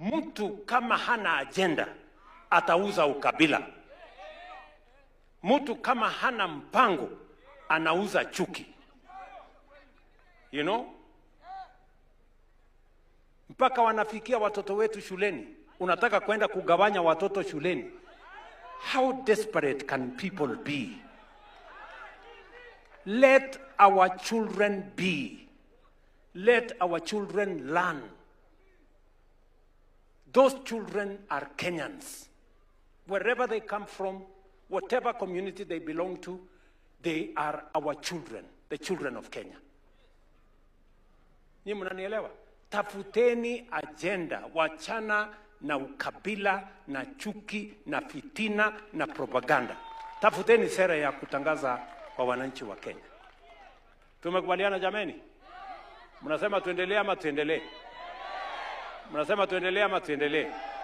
mtu kama hana ajenda atauza ukabila, mtu kama hana mpango anauza chuki, you know, mpaka wanafikia watoto wetu shuleni. Unataka kwenda kugawanya watoto shuleni? How desperate can people be? Let our children be. Let our children learn. Those children are Kenyans. Wherever they come from, whatever community they belong to, they are our children, the children of Kenya. Ni mnanielewa? Tafuteni ajenda, wachana na ukabila na chuki na fitina na propaganda. Tafuteni sera ya kutangaza kwa wananchi wa Kenya. Tumekubaliana jameni? Mnasema tuendelee ama tuendelee? Mnasema tuendelee ama tuendelee?